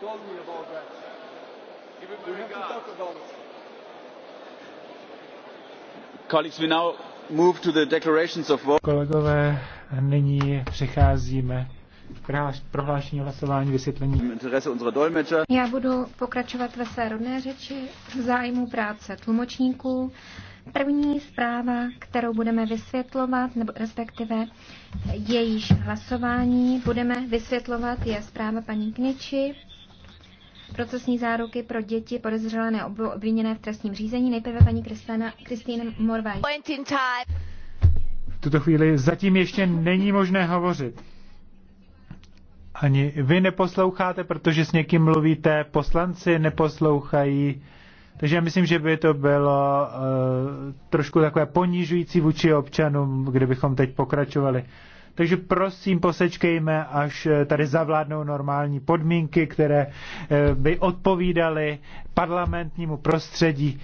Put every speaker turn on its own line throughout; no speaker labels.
told me about that. Give him we have regard. to talk about it.
Colleagues, we now move to the declarations
of war. Kolegové, nyní přicházíme prohlášení hlasování vysvětlení. Já
budu pokračovat ve své rodné řeči v zájmu práce tlumočníků. První zpráva, kterou budeme vysvětlovat, nebo respektive jejíž hlasování budeme vysvětlovat, je zpráva paní Kniči procesní záruky pro děti podezřelé nebo obviněné v trestním řízení. Nejprve paní Kristýna Morvaj.
V tuto chvíli zatím ještě není možné hovořit. Ani vy neposloucháte, protože s někým mluvíte, poslanci neposlouchají. Takže já myslím, že by to bylo uh, trošku takové ponižující vůči občanům, kdybychom teď pokračovali. Takže prosím, posečkejme, až eh, tady zavládnou normální podmínky, které eh, by odpovídaly parlamentnímu prostředí.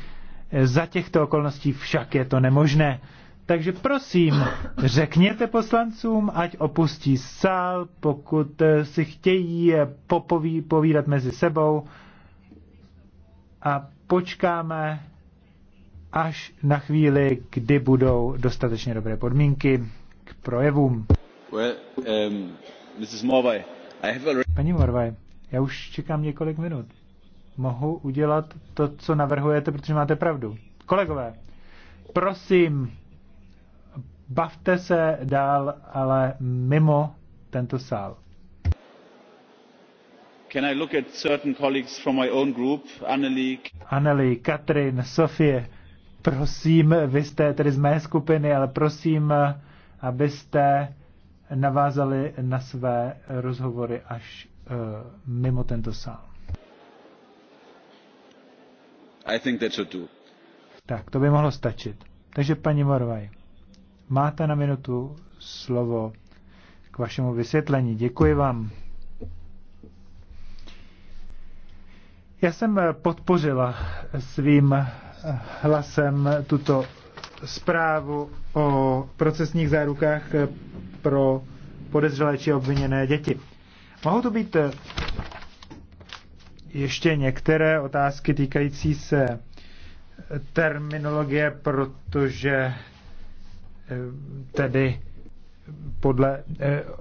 Eh, za těchto okolností však je to nemožné. Takže prosím, řekněte poslancům, ať opustí sál, pokud si chtějí popoví, povídat mezi sebou a počkáme až na chvíli, kdy budou dostatečně dobré podmínky k projevům.
Um,
Paní Morvaj, já už čekám několik minut. Mohu udělat to, co navrhujete, protože máte pravdu. Kolegové, prosím, bavte se dál, ale mimo tento sál.
Can I look at certain colleagues from my own group, Anneli?
Anneli, Katrin, Sofie, prosím, vy jste tedy z mé skupiny, ale prosím, abyste navázali na své rozhovory až eh, mimo tento sál.
I think that's what
Tak, to by mohlo stačit. Takže paní Morvaj, máte na minutu slovo k vašemu vysvětlení. Děkuji vám. Já jsem eh, podpořila svým eh, hlasem tuto zprávu o procesních zárukách pro podezřelé či obviněné děti. Mohou to být eh, ještě některé otázky týkající se eh, terminologie, protože eh, tedy podle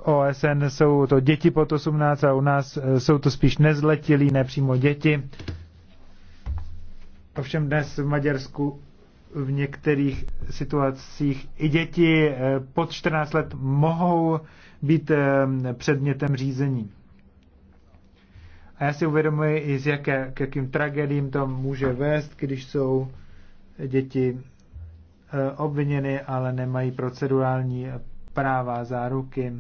OSN jsou to děti pod 18 a u nás jsou to spíš nezletilí, nepřímo děti. Ovšem dnes v Maďarsku v některých situacích i děti eh, pod 14 let mohou být eh, předmětem řízení. A já si uvědomuji i s jaké, k jakým tragédiím to může vést, když jsou děti eh, obviněny, ale nemají procedurální práva, záruky.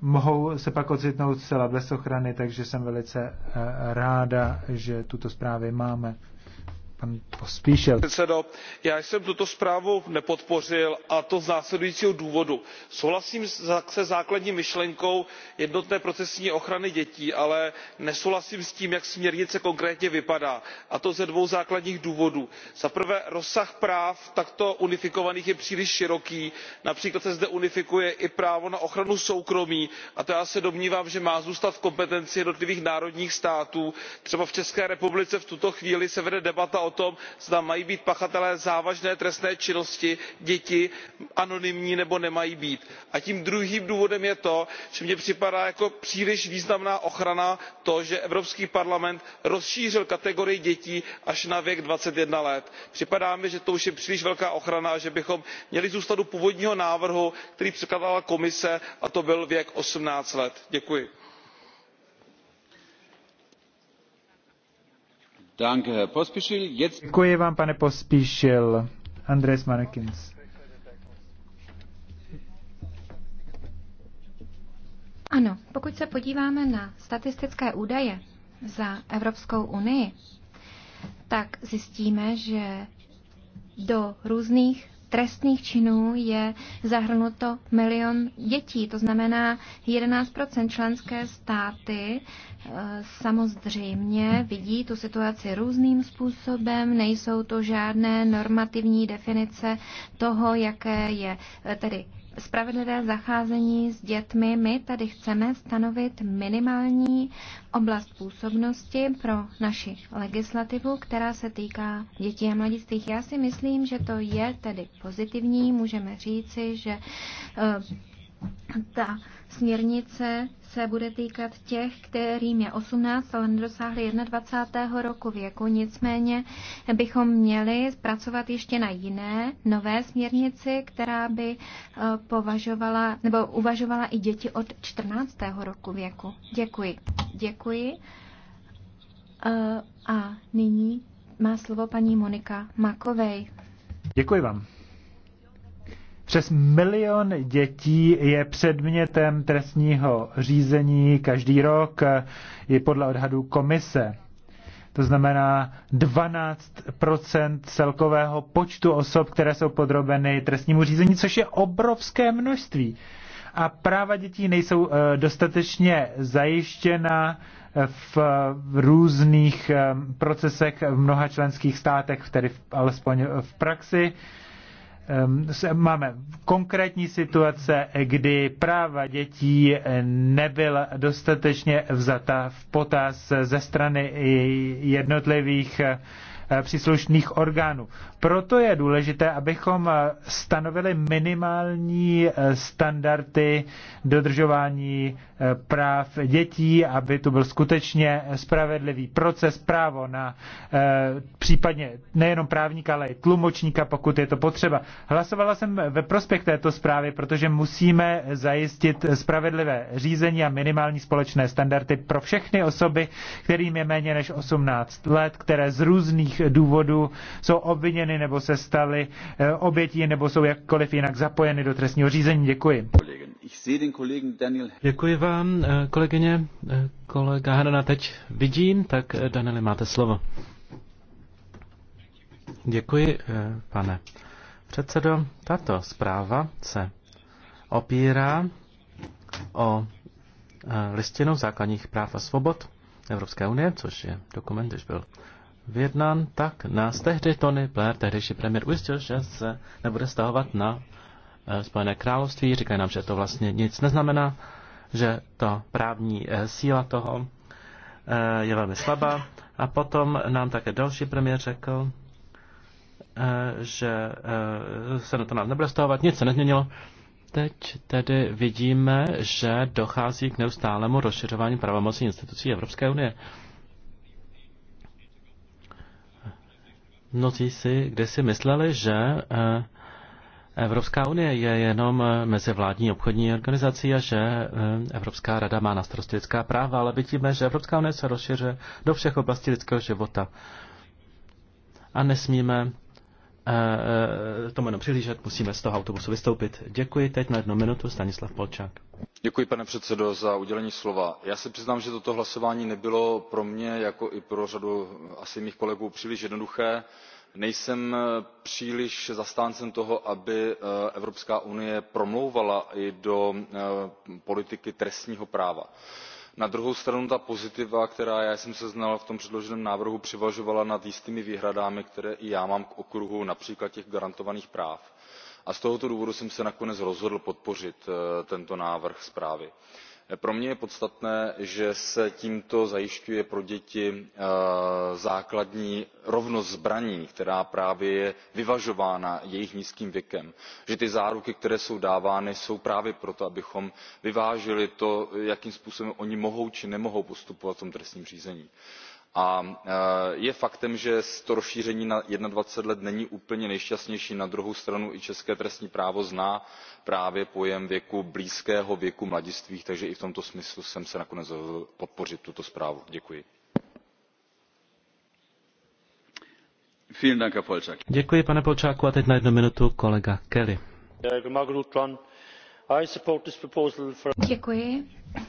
mohou se pak ocitnout zcela bez ochrany, takže jsem velice eh, ráda, že tuto zprávy máme. Pane Pospíšil.
já jsem tuto zprávu nepodpořil a to z následujícího důvodu souhlasím se základní myšlenkou jednotné procesní ochrany dětí ale nesouhlasím s tím jak směrnice konkrétně vypadá a to ze dvou základních důvodů. za prvé rozsah práv takto unifikovaných je příliš široký například se zde unifikuje i právo na ochranu soukromí a to já se domnívám že má zůstat v kompetenci jednotlivých národních států. třeba v české republice v tuto chvíli se vede debata o tom zda mají být pachatelé závažné trestné činnosti děti anonymní nebo nemají být. a tím druhým důvodem je to že mně připadá jako příliš významná ochrana to že evropský parlament rozšířil kategorii dětí až na věk twenty one let. připadá mi že to už je příliš velká ochrana a že bychom měli zůstat u původního návrhu který předkládala komise a to byl věk eighteen let. děkuji.
Děkuji
vám, pane Pospíšil. Andres Manekins.
Ano, pokud se podíváme na statistické údaje za Evropskou unii, tak zjistíme, že do různých trestných činů je zahrnuto milion dětí, to znamená 11 členské státy eh, samozřejmě vidí tu situaci různým způsobem, nejsou to žádné normativní definice toho, jaké je eh, tedy spravedlivé zacházení s dětmi, my tady chceme stanovit minimální oblast působnosti pro naši legislativu, která se týká dětí a mladistvých. Já si myslím, že to je tedy pozitivní. Můžeme říci, že ta směrnice se bude týkat těch, kterým je 18, ale nedosáhli 21. roku věku. Nicméně bychom měli pracovat ještě na jiné, nové směrnici, která by eh, považovala nebo uvažovala i děti od 14. roku věku. Děkuji. Děkuji. Eh, a nyní má slovo paní Monika Makovej.
Děkuji vám. Přes milion dětí je předmětem trestního řízení každý rok, je podle odhadů komise. To znamená 12 celkového počtu osob, které jsou podrobeny trestnímu řízení, což je obrovské množství. A práva dětí nejsou eh, dostatečně zajištěna eh, v různých eh, procesech v mnoha členských státech, tedy alespoň v praxi. Ehm, máme konkrétní situace, kdy práva dětí nebyla dostatečně vzata v potaz ze strany jednotlivých eh, příslušných orgánů. Proto je důležité, abychom eh, stanovili minimální eh, standardy dodržování eh, práv dětí, aby tu byl skutečně spravedlivý proces, právo na případně nejenom právníka, ale i tlumočníka, pokud je to potřeba. Hlasovala jsem ve prospěch této zprávy, protože musíme zajistit spravedlivé řízení a minimální společné standardy pro všechny osoby, kterým je méně než 18 let, které z různých důvodů jsou obviněny zatčeny nebo se staly eh, obětí nebo jsou jakkoliv jinak zapojeny do trestního řízení. Děkuji. Děkuji vám, eh,
kolegyně. Eh, kolega Hanana teď vidím, tak Daneli máte slovo. Děkuji, pane předsedo. Tato zpráva se opírá o listinu základních práv a svobod Evropské unie, což je dokument, když byl vyjednán, tak nás tehdy Tony Blair, tehdejší premiér, ujistil, že se nebude stahovat na eh, Spojené království. Říkají nám, že to vlastně nic neznamená, že ta právní eh, síla toho eh, je velmi slabá. A potom nám také další premiér řekl, že se na to nám nebude stahovat, nic se nezměnilo. Teď tedy vidíme, že dochází k neustálému rozšiřování pravomocí institucí Evropské unie. Mnozí si kdysi mysleli, že eh, Evropská unie je jenom eh, mezivládní obchodní organizací a že eh, Evropská rada má na starosti lidská práva, ale vidíme, že Evropská unie se rozšiřuje do všech oblastí lidského života. A nesmíme to jméno přihlížet, musíme z toho autobusu vystoupit. Děkuji, teď na jednu minutu Stanislav Polčák.
Děkuji, pane předsedo, za udělení slova. Já se přiznám, že toto hlasování nebylo pro mě, jako i pro řadu asi mých kolegů, příliš jednoduché. Nejsem příliš zastáncem toho, aby e, Evropská unie promlouvala i do e, politiky trestního práva na druhou stranu ta pozitiva která já jsem seznal v tom předloženém návrhu převažovala nad jistými výhradami které i já mám k okruhu například těch garantovaných práv a z tohoto důvodu jsem se nakonec rozhodl podpořit eh, tento návrh zprávy pro mě je podstatné že se tímto zajišťuje pro děti eh, základní rovnost zbraní která právě je vyvažována jejich nízkým věkem že ty záruky které jsou dávány jsou právě proto abychom vyvážili to jakým způsobem oni mohou či nemohou postupovat v tom trestním řízení a e, je faktem že to rozšíření na jednadvacet let není úplně nejšťastnější na druhou stranu i české trestní právo zná právě pojem věku blízkého věku mladistvých takže i v tomto smyslu jsem se nakonec rozhodl podpořit tuto zprávu. děkuji.
děkuji pane polčáku a teď na jednu minutu kolega kelly.
Děkuji.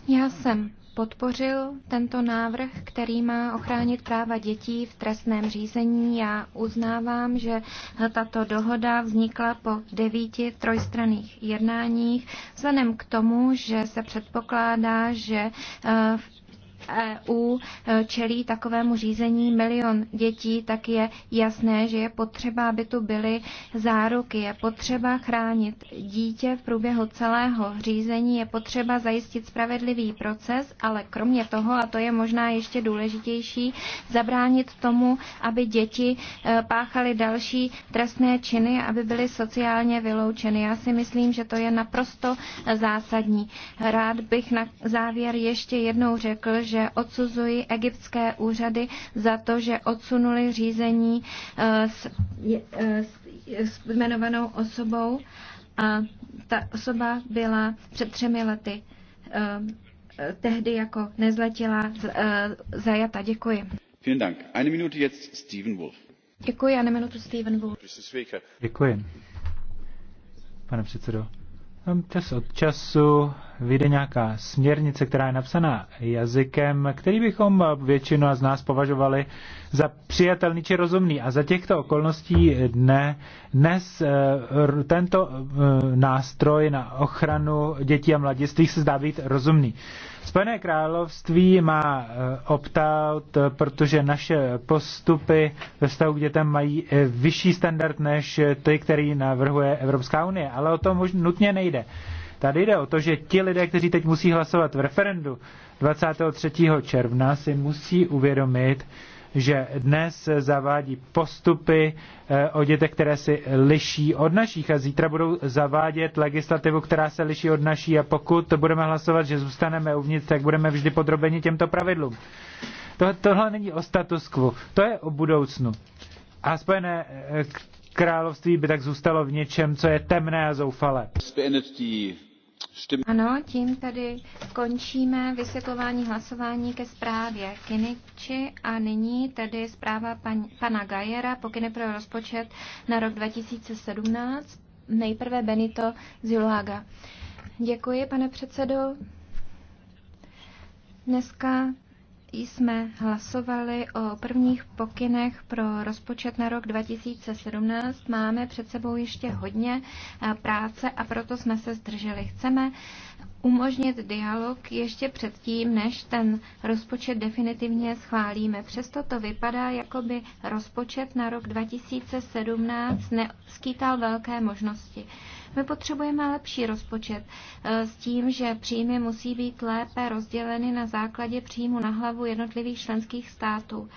Já jsem podpořil tento návrh, který má ochránit práva dětí v trestném řízení. Já uznávám, že tato dohoda vznikla po devíti trojstranných jednáních, vzhledem k tomu, že se předpokládá, že v eh, EU eh, čelí takovému řízení milion dětí, tak je jasné, že je potřeba, aby tu byly záruky. Je potřeba chránit dítě v průběhu celého řízení, je potřeba zajistit spravedlivý proces, ale kromě toho, a to je možná ještě důležitější, zabránit tomu, aby děti eh, páchaly další trestné činy, aby byly sociálně vyloučeny. Já si myslím, že to je naprosto eh, zásadní. Rád bych na závěr ještě jednou řekl, že že odsuzují egyptské úřady za to, že odsunuli řízení eh, eh, s, s jmenovanou osobou a ta osoba byla před třemi lety eh, tehdy jako nezletila zajata. Děkuji.
Vielen Dank. Eine Minute jetzt
Wolf. Děkuji a na minutu Steven Wolf.
Děkuji. Pane předsedo, čas od času vyjde nějaká směrnice, která je napsaná jazykem, který bychom většinu z nás považovali za přijatelný či rozumný. A za těchto okolností dne, dnes eh, tento eh, nástroj na ochranu dětí a mladistvých se zdá být rozumný. Spojené království má eh, opt-out, protože naše postupy ve vztahu k dětem mají eh, vyšší standard než eh, ty, který navrhuje Evropská unie. Ale o už nutně nejde. Tady jde o to, že ti lidé, kteří teď musí hlasovat v referendu 23. června, si musí uvědomit, že dnes zavádí postupy eh, o dětech, které se liší od našich a zítra budou zavádět legislativu, která se liší od naší a pokud budeme hlasovat, že zůstaneme uvnitř, tak budeme vždy podrobeni těmto pravidlům. Tohle, tohle není o status quo, to je o budoucnu. A Spojené eh, království by tak zůstalo v něčem, co je temné a zoufalé.
Ano, tím tedy končíme vysvětlování hlasování ke zprávě Kiniči a nyní tedy zpráva pan, pana Gajera, pokyny pro rozpočet na rok 2017. Nejprve Benito Zulaga. Děkuji, pane předsedo. Dneska jsme hlasovali o prvních pokynech pro rozpočet na rok 2017. Máme před sebou ještě hodně eh, práce a proto jsme se zdrželi. Chceme umožnit dialog ještě předtím, než ten rozpočet definitivně schválíme. Přesto to vypadá, jako by rozpočet na rok 2017 neskýtal velké možnosti. My potřebujeme lepší rozpočet eh, s tím, že příjmy musí být lépe rozděleny na základě příjmu na hlavu jednotlivých členských států.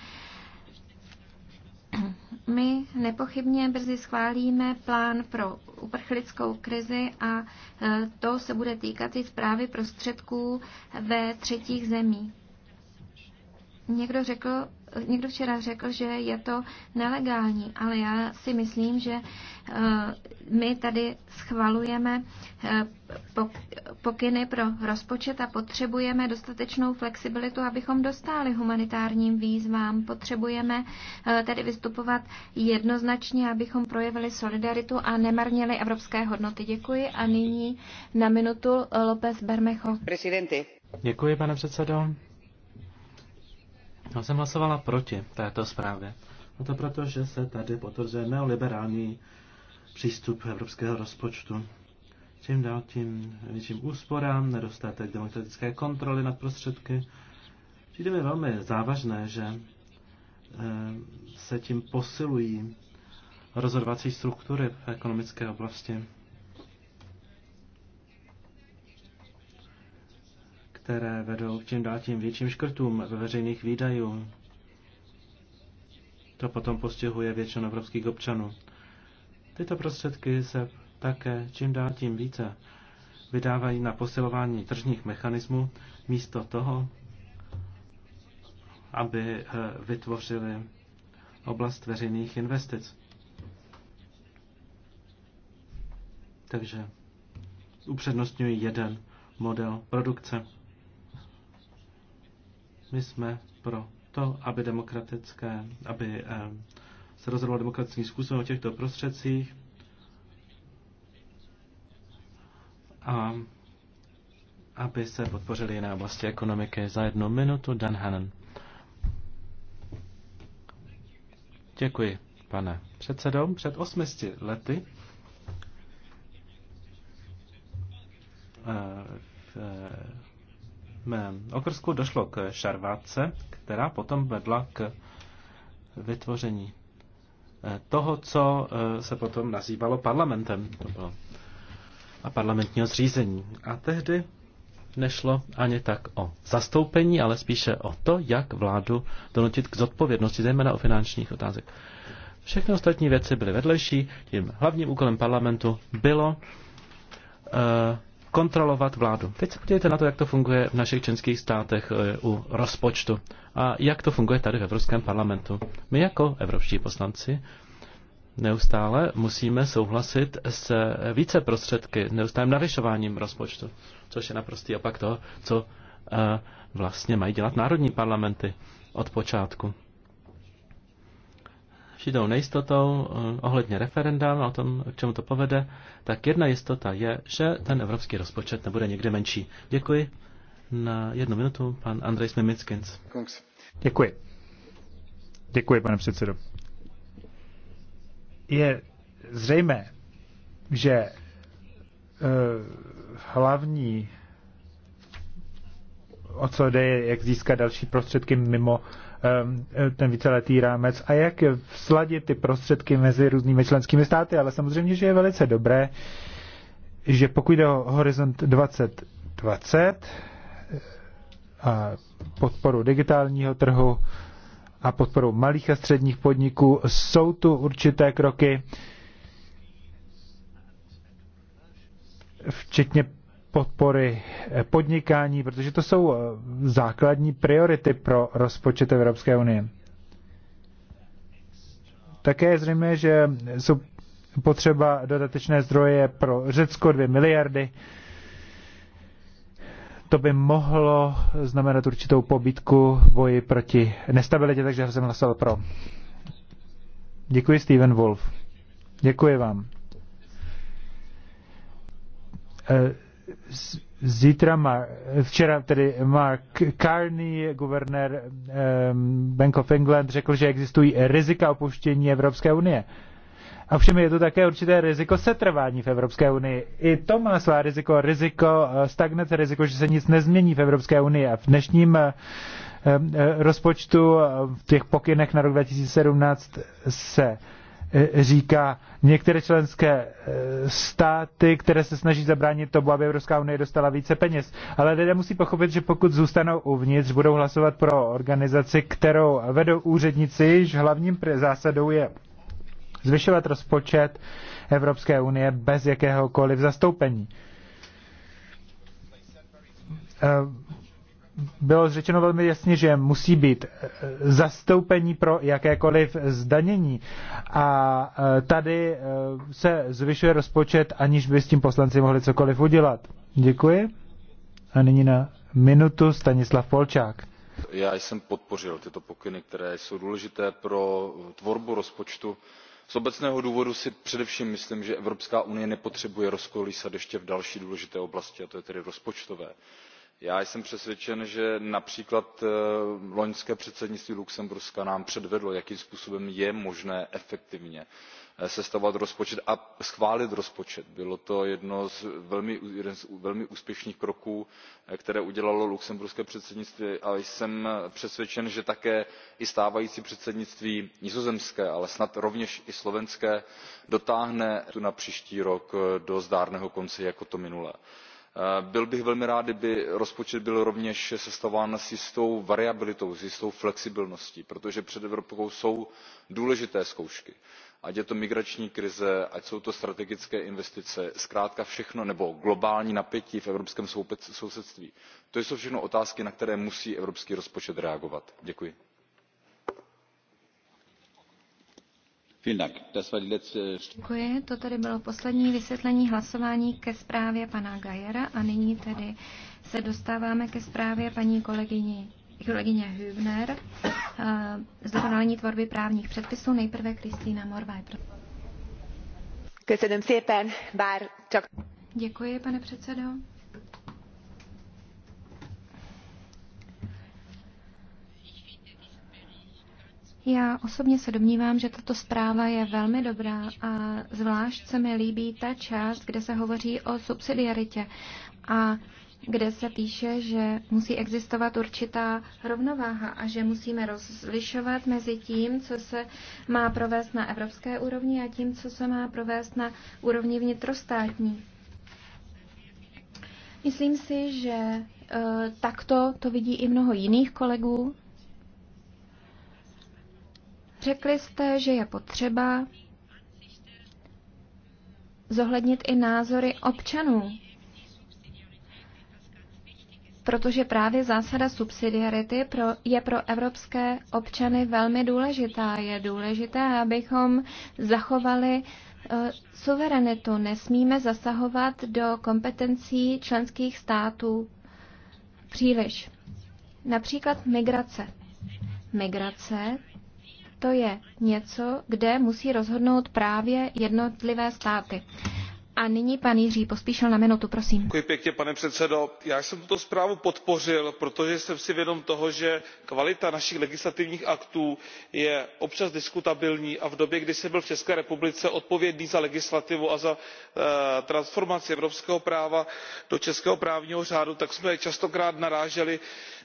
My nepochybně brzy schválíme plán pro uprchlickou krizi a eh, to se bude týkat i zprávy prostředků ve třetích zemích. Někdo řekl, někdo včera řekl, že je to nelegální, ale já si myslím, že eh, my tady schvalujeme eh, pokyny pro rozpočet a potřebujeme dostatečnou flexibilitu, abychom dostali humanitárním výzvám. Potřebujeme eh, tedy vystupovat jednoznačně, abychom projevili solidaritu a nemarnili evropské hodnoty. Děkuji a nyní na minutu López Bermejo.
Děkuji, pane předsedo. Já jsem hlasovala proti této zprávě. A to proto, že se tady potvrzuje neoliberální přístup evropského rozpočtu. Čím dál tím větším úsporám, nedostatek demokratické kontroly nad prostředky. Přijde mi velmi závažné, že eh, se tím posilují rozhodovací struktury v ekonomické oblasti. které vedou k čím dál tím větším škrtům ve veřejných výdajů. To potom postihuje většinu evropských občanů. Tyto prostředky se také čím dál tím více vydávají na posilování tržních mechanismů místo toho, aby eh, vytvořili oblast veřejných investic. Takže upřednostňují jeden model produkce. My jsme pro to, aby demokratické, aby eh, se rozhodlo demokratickým způsobem o těchto prostředcích. A aby se podpořili jiné oblasti ekonomiky. Za jednu minutu Dan Hannan. Děkuji, pane předsedo. Před 800 lety eh, v eh, mém okrsku došlo k šarvátce, která potom vedla k vytvoření eh, toho, co eh, se potom nazývalo parlamentem. To bylo a parlamentního zřízení. A tehdy nešlo ani tak o zastoupení, ale spíše o to, jak vládu donutit k zodpovědnosti, zejména o finančních otázek. Všechny ostatní věci byly vedlejší, tím hlavním úkolem parlamentu bylo uh, kontrolovat vládu. Teď se podívejte na to, jak to funguje v našich členských státech eh, u rozpočtu a jak to funguje tady v Evropském parlamentu. My jako evropští poslanci neustále musíme souhlasit s eh, více prostředky, neustálým navyšováním rozpočtu, což je naprostý opak toho, co eh, vlastně mají dělat národní parlamenty od počátku určitou nejistotou eh, ohledně referenda a o tom, k čemu to povede, tak jedna jistota je, že ten evropský rozpočet nebude někde menší. Děkuji. Na jednu minutu pan Andrej Smimickins.
Děkuji. Děkuji, pane předsedo. Je zřejmé, že uh, hlavní o co jde, jak získat další prostředky mimo Eh, ten víceletý rámec a jak sladit ty prostředky mezi různými členskými státy, ale samozřejmě, že je velice dobré, že pokud jde o horizont 2020 eh, a podporu digitálního trhu a podporu malých a středních podniků, jsou tu určité kroky, včetně podpory eh, podnikání, protože to jsou eh, základní priority pro rozpočet Evropské unie. Také je zřejmé, že jsou potřeba dodatečné zdroje pro Řecko 2 miliardy. To by mohlo znamenat určitou pobítku v boji proti nestabilitě, takže jsem hlasoval pro. Děkuji, Steven Wolf. Děkuji vám. Eh, zítra, má, včera tedy Mark Carney, guvernér Bank of England, řekl, že existují rizika opuštění Evropské unie. všem je to také určité riziko setrvání v Evropské unii. I to má svá riziko, riziko eh, stagnace, riziko, že se nic nezmění v Evropské unii. A v dnešním eh, eh, rozpočtu v těch pokynech na rok 2017 se Eh, říká některé členské eh, státy, které se snaží zabránit tomu, aby Evropská unie dostala více peněz. Ale lidé musí pochopit, že pokud zůstanou uvnitř, budou hlasovat pro organizaci, kterou vedou úředníci, již hlavním zásadou je zvyšovat rozpočet Evropské unie bez jakéhokoliv zastoupení eh, bylo řečeno velmi jasně, že musí být eh, zastoupení pro jakékoliv zdanění. A eh, tady eh, se zvyšuje rozpočet, aniž by s tím poslanci mohli cokoliv udělat. Děkuji. A nyní na minutu Stanislav Polčák.
Já jsem podpořil tyto pokyny, které jsou důležité pro tvorbu rozpočtu. Z obecného důvodu si především myslím, že Evropská unie nepotřebuje rozkolísat ještě v další důležité oblasti, a to je tedy rozpočtové já jsem přesvědčen že například eh, loňské předsednictví lucemburska nám předvedlo jakým způsobem je možné efektivně eh, sestavovat rozpočet a schválit rozpočet. byl to jeden z velmi úspěšných kroků eh, které udělalo lucemburské předsednictví a jsem přesvědčen že také i stávající předsednictví nizozemské ale snad rovněž i slovenské dotáhne na příští rok do zdárného konce jako to minulé. Eh, byl bych velmi rád kdyby rozpočet byl rovněž sestavován s jistou variabilitou s jistou flexibilností protože před evropou jsou důležité zkoušky ať je to migrační krize ať jsou to strategické investice zkrátka všechno nebo globální napětí v evropském sousedství to jsou všechno otázky na které musí evropský rozpočet reagovat. děkuji.
Děkuji, to tedy bylo poslední vysvětlení hlasování ke zprávě pana Gajera a nyní tedy se dostáváme ke zprávě paní kolegyni, kolegyně Hübner zdokonalení tvorby právních předpisů. Nejprve Kristýna Morvaj. Děkuji, pane předsedo. Já osobně se domnívám, že tato zpráva je velmi dobrá a zvlášť se mi líbí ta část, kde se hovoří o subsidiaritě a kde se píše, že musí existovat určitá rovnováha a že musíme rozlišovat mezi tím, co se má provést na evropské úrovni a tím, co se má provést na úrovni vnitrostátní. Myslím si, že eh, takto to vidí i mnoho jiných kolegů Řekli jste, že je potřeba zohlednit i názory občanů, protože právě zásada subsidiarity pro, je pro evropské občany velmi důležitá. Je důležité, abychom zachovali eh, suverenitu. Nesmíme zasahovat do kompetencí členských států příliš. Například migrace. Migrace to je něco, kde musí rozhodnout právě jednotlivé státy. A nyní pan Jiří Pospíšil na minutu, prosím.
Děkuji pěkně, pane předsedo. Já jsem tuto zprávu podpořil, protože jsem si vědom toho, že kvalita našich legislativních aktů je občas diskutabilní a v době, kdy jsem byl v České republice odpovědný za legislativu a za e, transformaci evropského práva do českého právního řádu, tak jsme častokrát naráželi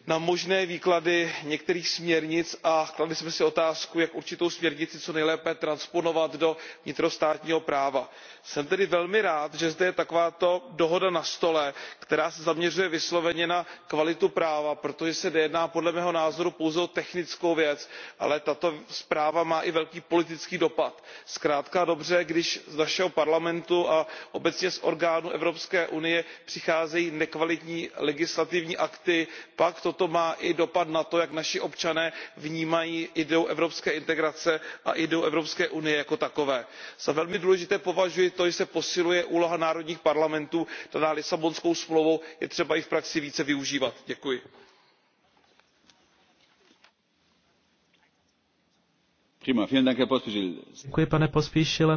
na možné výklady některých směrnic a kladli jsme si otázku jak určitou směrnici co nejlépe transponovat do vnitrostátního práva. jsem tedy velmi rád že zde je takováto dohoda na stole která se zaměřuje vysloveně na kvalitu práva protože se nejedná podle mého názoru pouze o technickou věc ale tato zpráva má i velký politický dopad. zkrátka a dobře když z našeho parlamentu a obecně z orgánů evropské unie přicházejí nekvalitní legislativní akty pak to má i dopad na to jak naši občané vnímají ideu evropské integrace a ideu evropské unie jako takové. za velmi důležité považuji to že se posiluje úloha národních parlamentů daná lisabonskou smlouvou je třeba ji v praxi více využívat. děkuji.
Děkuji, pane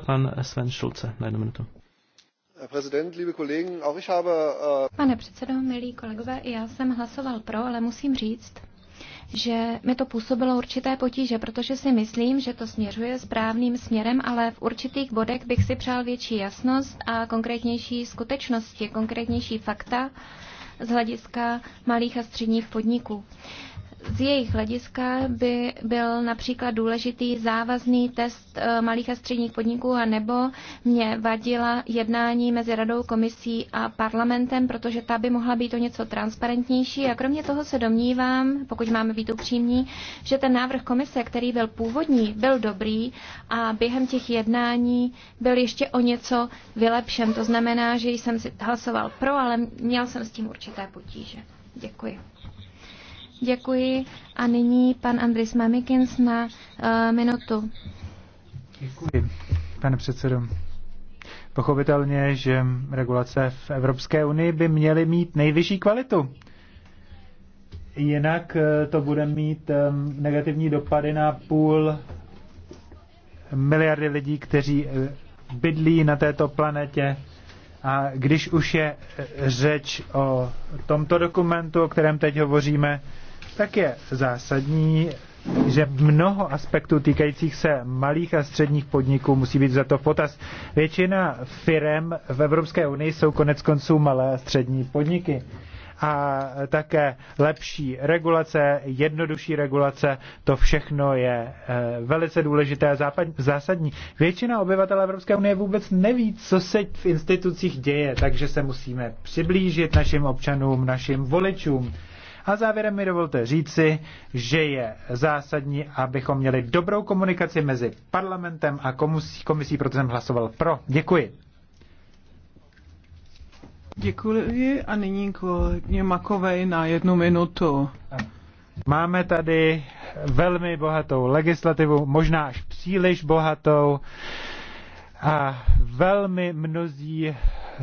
Pan Sven Schulze,
Äh,
Pane předsedo, milí kolegové, i já jsem hlasoval pro, ale musím říct, že mi to působilo určité potíže, protože si myslím, že to směřuje správným směrem, ale v určitých bodech bych si přál větší jasnost a konkrétnější skutečnosti, konkrétnější fakta z hlediska malých a středních podniků. Z jejich hlediska by byl například důležitý závazný test eh, malých a středních podniků a nebo mě vadila jednání mezi radou, komisí a parlamentem, protože ta by mohla být o něco transparentnější. A kromě toho se domnívám, pokud máme být upřímní, že ten návrh komise, který byl původní, byl dobrý a během těch jednání byl ještě o něco vylepšen. To znamená, že jsem si hlasoval pro, ale měl jsem s tím určité potíže. Děkuji. Děkuji. A nyní pan Andris Mamikins na uh, minutu.
Děkuji, pane předsedo. Pochopitelně, že regulace v Evropské unii by měly mít nejvyšší kvalitu. Jinak eh, to bude mít eh, negativní dopady na půl miliardy lidí, kteří bydlí na této planetě. A když už je řeč o tomto dokumentu, o kterém teď hovoříme, tak je zásadní, že mnoho aspektů týkajících se malých a středních podniků musí být za to v potaz. Většina firm v Evropské unii jsou konec konců malé a střední podniky a také lepší regulace, jednodušší regulace, to všechno je eh, velice důležité a zásadní. Většina obyvatel Evropské unie vůbec neví, co se v institucích děje, takže se musíme přiblížit našim občanům, našim voličům a závěrem mi dovolte říci, že je zásadní, abychom měli dobrou komunikaci mezi parlamentem a komisí, komisí proto jsem hlasoval pro. Děkuji.
Děkuji a nyní kolegyně Makovej na jednu minutu.
Máme tady velmi bohatou legislativu, možná až příliš bohatou a velmi mnozí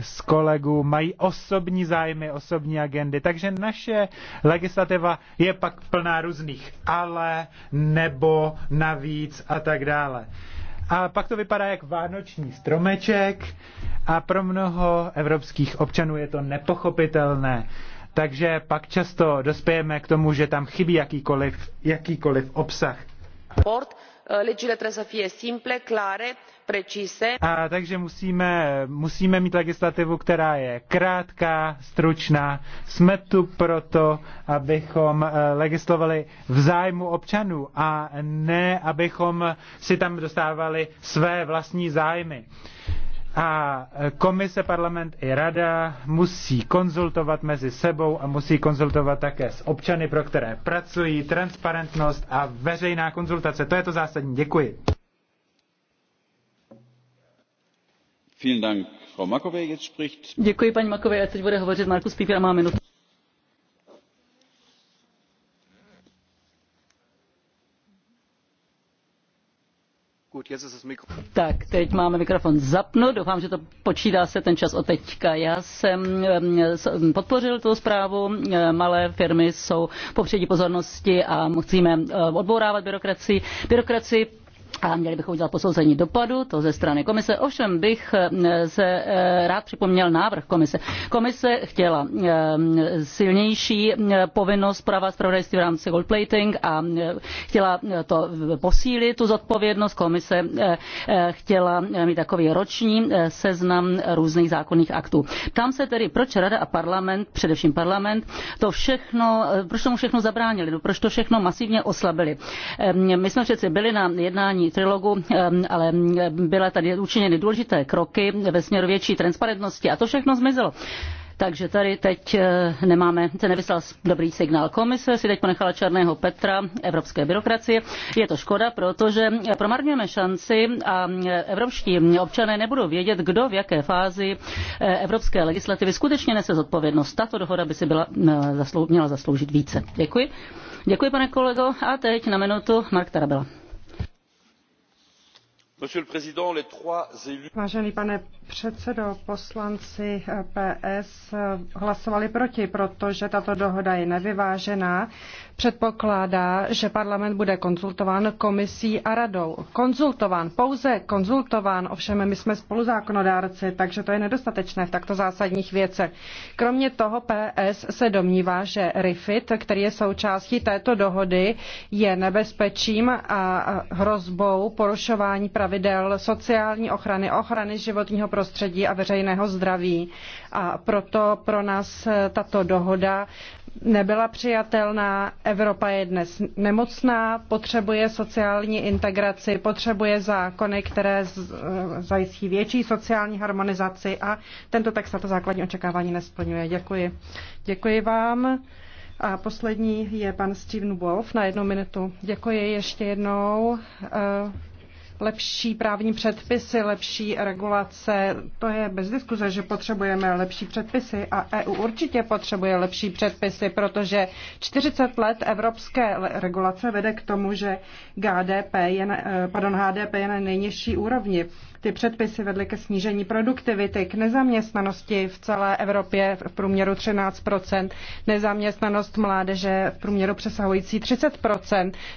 z kolegů mají osobní zájmy, osobní agendy, takže naše legislativa je pak plná různých ale, nebo, navíc a tak dále. A pak to vypadá jak vánoční stromeček a pro mnoho evropských občanů je to nepochopitelné. Takže pak často dospějeme k tomu, že tam chybí jakýkoliv, jakýkoliv obsah.
Eh, legile trebuie să fie simple clare precise.
A, takže musíme, musíme mít legislativu, která je krátká, stručná. Jsme tu proto, abychom eh, legislovali v zájmu občanů a ne, abychom si tam dostávali své vlastní zájmy. A komise, parlament i rada musí konzultovat mezi sebou a musí konzultovat také s občany, pro které pracují, transparentnost a veřejná konzultace. To je to zásadní. Děkuji.
Děkuji paní Makové a teď bude hovořit Markus Píper a má minutu. Tak, teď máme mikrofon zapnut, doufám, že to počítá se ten čas od teďka. Já jsem podpořil tu zprávu, e, malé firmy jsou popředí pozornosti a musíme e, odbourávat byrokracii. Byrokracii a měli bychom udělat posouzení dopadu, to ze strany komise. Ovšem bych eh, se eh, rád připomněl návrh komise. Komise chtěla eh, silnější povinnost práva zpravodajství v rámci goldplating a chtěla to posílit, tu zodpovědnost. Komise chtěla mít takový roční seznam různých zákonných aktů. Tam se tedy, proč Rada a parlament, především parlament, to všechno, proč tomu všechno zabránili, no, proč to všechno masivně oslabili. My jsme přeci byli na jednání jednání trilogu, ale byla tady učiněny důležité kroky ve směru větší transparentnosti a to všechno zmizelo. Takže tady teď eh, nemáme, se nevyslal dobrý signál komise, si teď ponechala černého Petra evropské byrokracie. Je to škoda, protože eh, promarňujeme šanci a eh, evropští občané nebudou vědět, kdo v jaké fázi evropské legislativy skutečně nese zodpovědnost. Tato dohoda by si byla, měla zasloužit více. Děkuji. Děkuji, pane kolego. A teď na minutu Mark Tarabela. Vážený pane předsedo, poslanci eh,
PS eh, hlasovali proti, protože tato dohoda je nevyvážená. Předpokládá, že parlament bude konzultován komisí a radou. Konzultován, pouze konzultován, ovšem my jsme spoluzákonodárci, takže to je nedostatečné v takto zásadních věcech. Kromě toho PS se domnívá, že RIFIT, který je součástí této dohody, je nebezpečím a hrozbou porušování práv pravidel sociální ochrany, ochrany životního prostředí a veřejného zdraví. A proto pro nás tato dohoda nebyla přijatelná. Evropa je dnes nemocná, potřebuje sociální integraci, potřebuje zákony, které zajistí větší sociální harmonizaci a tento text na to základní očekávání nesplňuje. Děkuji. Děkuji vám. A poslední je pan Steven Wolf na jednu minutu. Děkuji ještě jednou. Eh, lepší právní předpisy, lepší regulace. To je bez diskuze, že potřebujeme lepší předpisy a EU určitě potřebuje lepší předpisy, protože 40 let evropské regulace vede k tomu, že GDP je, na eh, pardon, HDP je na nejnižší úrovni ty předpisy vedly ke snížení produktivity, k nezaměstnanosti v celé Evropě v průměru 13 nezaměstnanost mládeže v průměru přesahující 30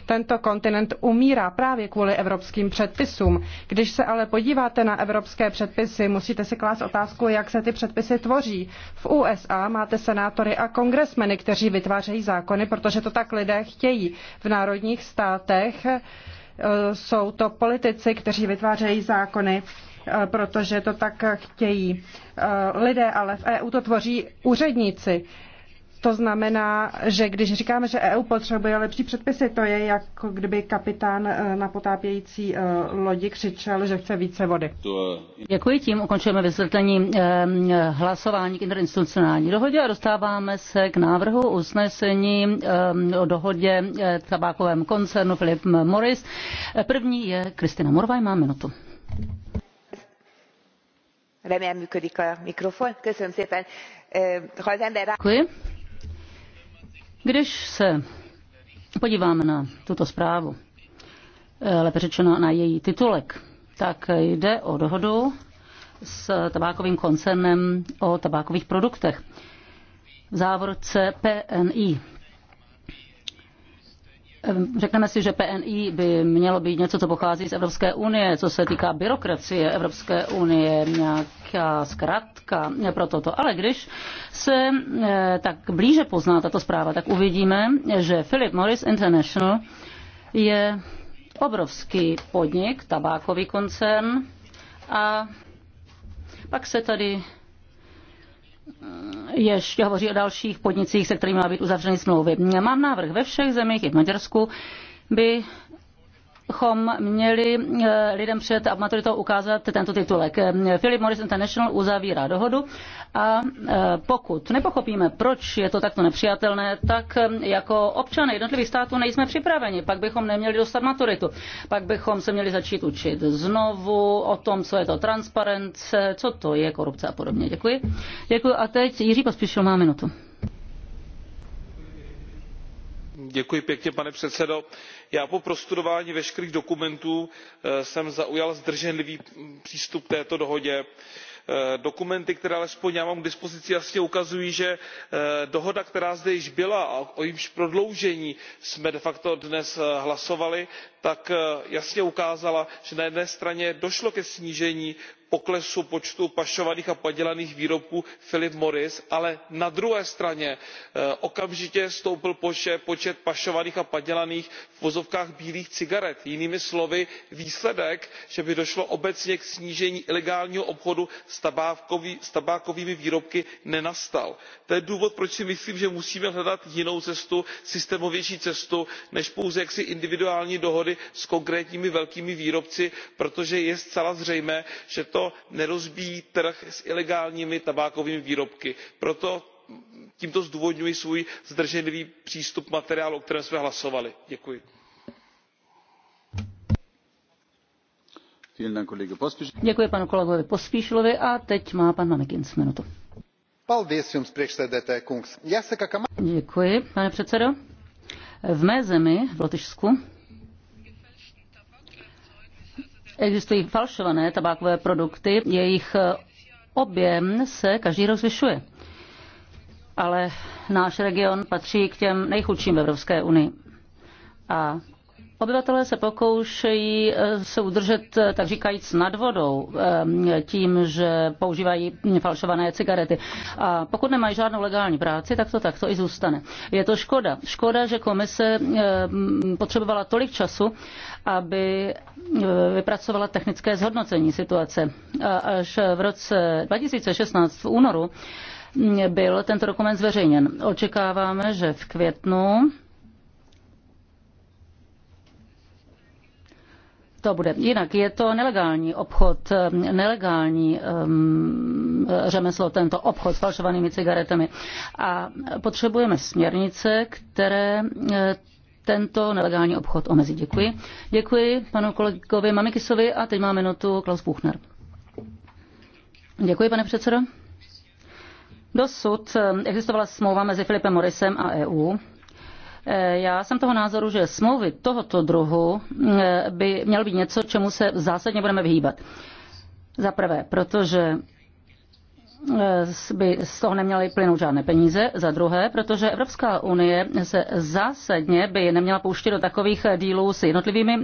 Tento kontinent umírá právě kvůli evropským předpisům. Když se ale podíváte na evropské předpisy, musíte si klást otázku, jak se ty předpisy tvoří. V USA máte senátory a kongresmeny, kteří vytvářejí zákony, protože to tak lidé chtějí. V národních státech Eh, jsou to politici, kteří vytvářejí zákony, eh, protože to tak chtějí eh, lidé, ale v EU to tvoří úředníci. To znamená, že když říkáme, že EU potřebuje lepší předpisy, to je jako kdyby kapitán eh, na potápějící eh, lodi
křičel, že chce více vody. Děkuji, tím ukončujeme vysvětlení eh, hlasování k interinstitucionální dohodě a dostáváme se k návrhu usnesení o dohodě tabákovém koncernu Philip Morris. První je Kristina Morvaj, má minutu
remélem működik a mikrofon. köszönöm
szépen ha az ember.
Když se podíváme na tuto zprávu, eh, lépe řečeno na její titulek, tak jde o dohodu s tabákovým koncernem o tabákových produktech v závorce PNI, Ehm, řekneme si, že PNI by mělo být něco, co pochází z Evropské unie, co se týká byrokracie Evropské unie, nějaká zkratka pro toto. Ale když se eh, tak blíže pozná tato zpráva, tak uvidíme, že Philip Morris International je obrovský podnik, tabákový koncern a pak se tady ještě hovoří o dalších podnicích, se kterými má být uzavřeny smlouvy. Mám návrh ve všech zemích, i v Maďarsku, by bychom měli eh, lidem před maturitou ukázat tento titulek. Eh, Philip Morris International uzavírá dohodu a eh, pokud nepochopíme, proč je to takto nepřijatelné, tak jako občany jednotlivých států nejsme připraveni. Pak bychom neměli dostat maturitu. Pak bychom se měli začít učit znovu o tom, co je to transparence, co to je korupce a podobně. Děkuji. Děkuji a teď Jiří Pospíšil má minutu
pane předsedající já po prostudování veškerých dokumentů eh, jsem zaujal zdrženlivý přístup k této dohodě. Eh, dokumenty které alespoň já mám k dispozici jasně ukazují že eh, dohoda která zde již byla a o jejímž prodloužení jsme de facto dnes hlasovali jasně ukázala že na jedné straně došlo ke snížení počtu poklesu počtu pašovaných a padělaných výrobků philip morris ale na druhé straně eh, okamžitě stoupl počet pašovaných a padělaných v uvozovkách bílých cigaret. jinými slovy výsledek že by došlo obecně ke snížení ilegálního obchodu s tabákovými výrobky nenastal. to je důvod proč si myslím že musíme hledat jinou cestu systémovější cestu než pouze jaksi individuální dohody s konkrétními velkými výrobci protože je zcela zřejmé že to nerozbíjí trh s ilegálními tabákovými výrobky. proto tímto zdůvodňuji svůj zdrženlivý přístup k materiálu o kterém
jsme hlasovali. děkuji.
a teď má minutu. Děkuji, pane předsedo. V mé zemi, v Lotyšsku, Existují falšované tabákové produkty, jejich eh, objem se každý rok zvyšuje. Ale náš region patří k těm nejchudším v Evropské unii. A Obyvatelé se pokoušejí eh, se udržet, eh, tak říkajíc, nad vodou eh, tím, že používají falšované cigarety. A pokud nemají žádnou legální práci, tak to takto i zůstane. Je to škoda. Škoda, že komise potřebovala tolik času, aby vypracovala technické zhodnocení situace. A až v roce 2016 v únoru byl tento dokument zveřejněn. Očekáváme, že v květnu to bude. Jinak je to nelegální obchod, nelegální um, řemeslo, tento obchod s falšovanými cigaretami. A potřebujeme směrnice, které e, tento nelegální obchod omezí. Děkuji. Děkuji panu kolegovi Mamikisovi a teď má minutu Klaus Buchner. Děkuji, pane předsedo. Dosud existovala smlouva mezi Filipem Morisem a EU Eh, já jsem toho názoru, že smlouvy tohoto druhu eh, by mělo být něco, čemu se zásadně budeme vyhýbat. Za prvé, protože eh, by z toho neměly plynout žádné peníze. Za druhé, protože Evropská unie se zásadně by neměla pouštět do takových dílů s jednotlivými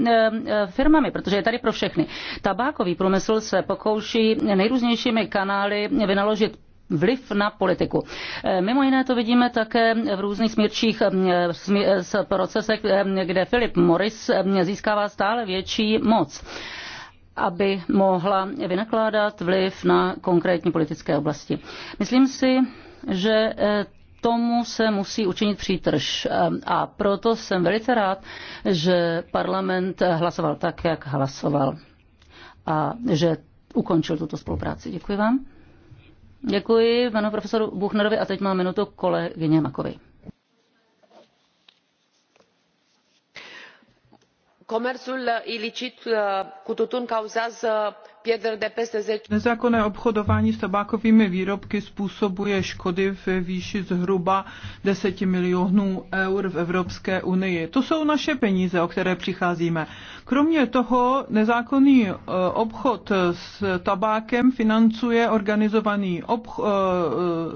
firmami, protože je tady pro všechny. Tabákový průmysl se pokouší nejrůznějšími kanály vynaložit vliv na politiku. Eh, mimo jiné to vidíme také v různých smírčích eh, eh, procesech, kde Philip Morris získává stále větší moc aby mohla vynakládat vliv na konkrétní politické oblasti. Myslím si, že tomu se musí učinit přítrž. A proto jsem velice rád, že parlament hlasoval tak, jak hlasoval. A že ukončil tuto spolupráci. Děkuji vám. Děkuji panu profesoru Buchnerovi a teď má minutu kolegyně Makovi. comerțul ilicit uh, cu tutun cauzează
Nezákonné obchodování s tabákovými výrobky způsobuje škody v výši zhruba 10 milionů eur v Evropské unii. To jsou naše peníze, o které přicházíme. Kromě toho nezákonný e, obchod s tabákem financuje organizovaný e,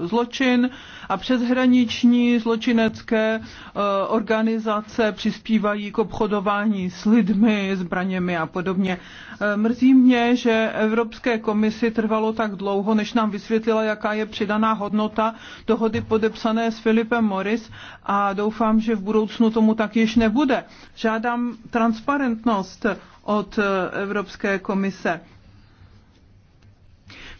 zločin a přeshraniční zločinecké e, organizace přispívají k obchodování s lidmi, zbraněmi a podobně. Mrzí mě, že Evropské komisi trvalo tak dlouho, než nám vysvětlila, jaká je přidaná hodnota dohody podepsané s Filipem Morris a doufám, že v budoucnu tomu tak již nebude. Žádám transparentnost od Evropské komise.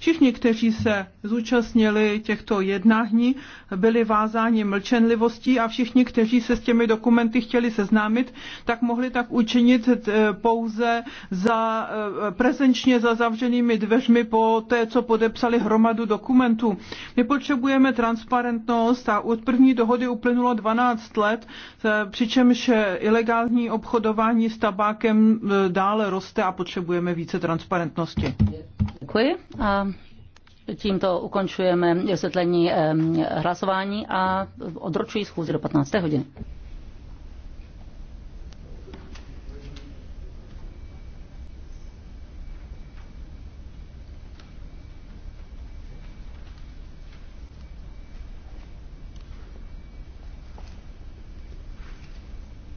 Všichni, kteří se zúčastnili těchto jednání, byli vázáni mlčenlivostí a všichni, kteří se s těmi dokumenty chtěli seznámit, tak mohli tak učinit eh, pouze za, eh, prezenčně za zavřenými dveřmi po té, co podepsali hromadu dokumentů. My potřebujeme transparentnost a od první dohody uplynulo 12 let, eh, přičemž ilegální obchodování s tabákem dále roste a potřebujeme více transparentnosti.
Děkuji. Um... Tímto ukončujeme vysvětlení ehm, hlasování a odročuji schůzi do 15. hodiny.